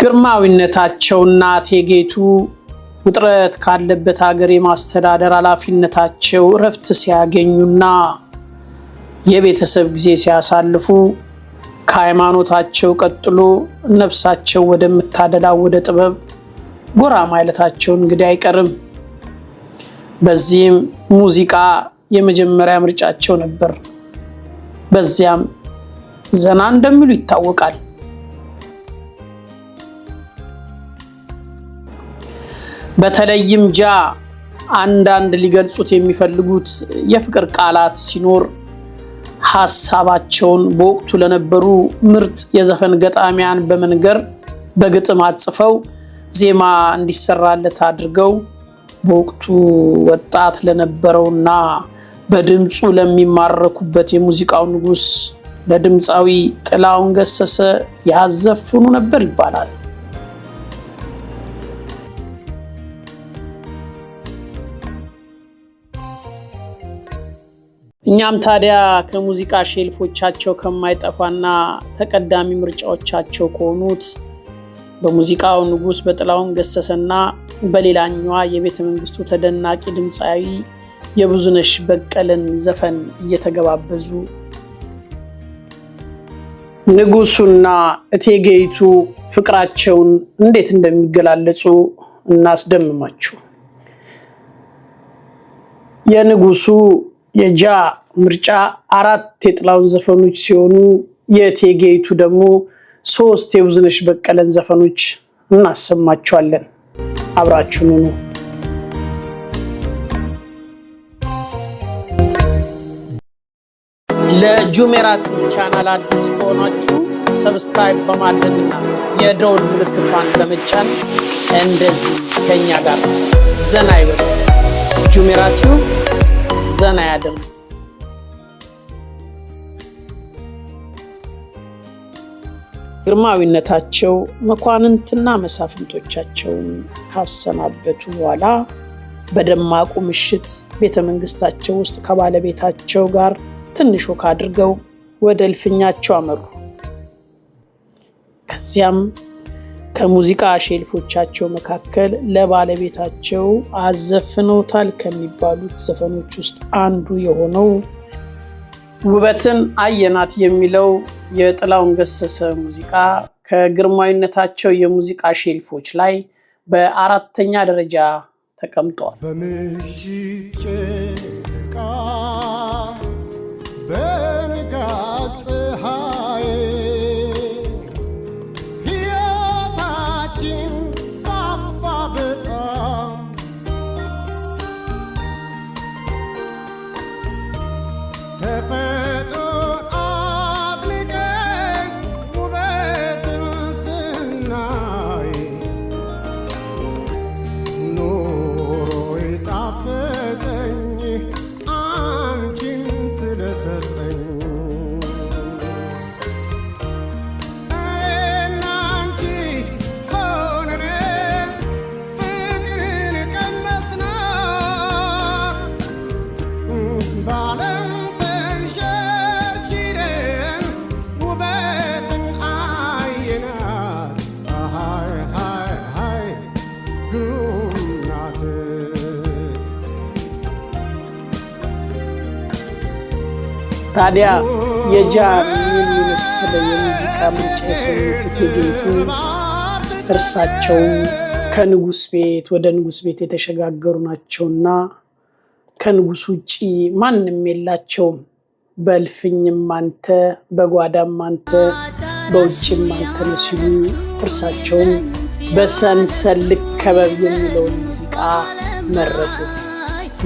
ግርማዊነታቸውና ቴጌቱ ውጥረት ካለበት ሀገር የማስተዳደር ኃላፊነታቸው እረፍት ሲያገኙና የቤተሰብ ጊዜ ሲያሳልፉ ከሃይማኖታቸው ቀጥሎ ነፍሳቸው ወደምታደላው ወደ ጥበብ ጎራ ማለታቸው እንግዲህ አይቀርም። በዚህም ሙዚቃ የመጀመሪያ ምርጫቸው ነበር። በዚያም ዘና እንደሚሉ ይታወቃል። በተለይም ጃ አንዳንድ ሊገልጹት የሚፈልጉት የፍቅር ቃላት ሲኖር ሀሳባቸውን በወቅቱ ለነበሩ ምርጥ የዘፈን ገጣሚያን በመንገር በግጥም አጽፈው ዜማ እንዲሰራለት አድርገው በወቅቱ ወጣት ለነበረውና በድምፁ ለሚማረኩበት የሙዚቃው ንጉሥ ለድምፃዊ ጥላውን ገሰሰ ያዘፍኑ ነበር ይባላል። እኛም ታዲያ ከሙዚቃ ሼልፎቻቸው ከማይጠፋና ተቀዳሚ ምርጫዎቻቸው ከሆኑት በሙዚቃው ንጉስ በጥላውን ገሰሰና በሌላኛዋ የቤተ መንግስቱ ተደናቂ ድምፃዊ የብዙነሽ በቀለን ዘፈን እየተገባበዙ ንጉሱና እቴጌይቱ ፍቅራቸውን እንዴት እንደሚገላለጹ እናስደምማችሁ። የንጉሱ የጃ ምርጫ አራት የጥላውን ዘፈኖች ሲሆኑ የቴጌይቱ ደግሞ ሶስት የብዙነሽ በቀለን ዘፈኖች እናሰማችኋለን። አብራችሁን ሁኑ። ለጁሜራት ቻናል አዲስ ከሆናችሁ ሰብስክራይብ በማድረግና የደውል ምልክቷን በመጫን እንደዚህ ከኛ ጋር ዘና ይበሉ። ጁሜራት ዘና ያደርጉ። ግርማዊነታቸው መኳንንትና መሳፍንቶቻቸውን ካሰናበቱ በኋላ በደማቁ ምሽት ቤተ መንግስታቸው ውስጥ ከባለቤታቸው ጋር ትንሽ ወክ አድርገው ወደ እልፍኛቸው አመሩ። ከዚያም ከሙዚቃ ሼልፎቻቸው መካከል ለባለቤታቸው አዘፍነውታል ከሚባሉት ዘፈኖች ውስጥ አንዱ የሆነው ውበትን አየናት የሚለው የጥላውን ገሰሰ ሙዚቃ ከግርማዊነታቸው የሙዚቃ ሼልፎች ላይ በአራተኛ ደረጃ ተቀምጧል። ታዲያ የጃን የመሰለ የሙዚቃ ምንጭ የሰሙት ቴጌቱ እርሳቸው ከንጉስ ቤት ወደ ንጉስ ቤት የተሸጋገሩ ናቸውና ከንጉስ ውጭ ማንም የላቸውም። በእልፍኝም አንተ፣ በጓዳም አንተ፣ በውጭም አንተ ነው ሲሉ እርሳቸውም በሰንሰል ከበብ የሚለውን ሙዚቃ መረጡት።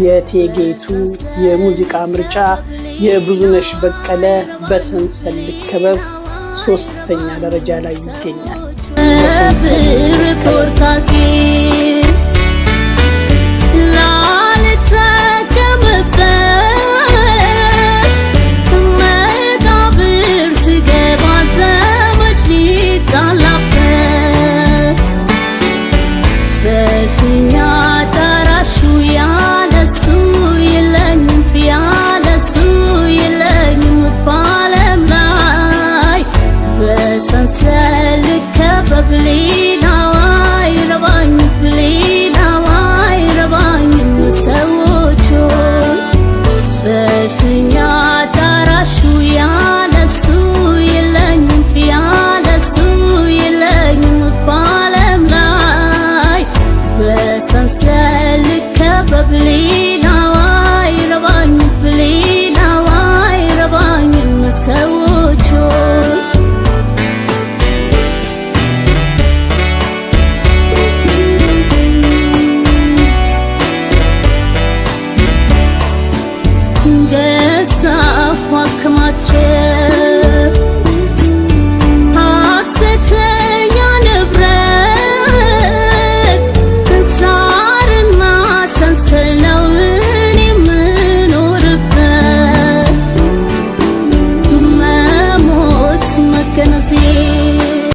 የቴጌቱ የሙዚቃ ምርጫ የብዙነሽ በቀለ በሰንሰል ክበብ ሶስተኛ ደረጃ ላይ ይገኛል። çocuk Gel saf bakma çek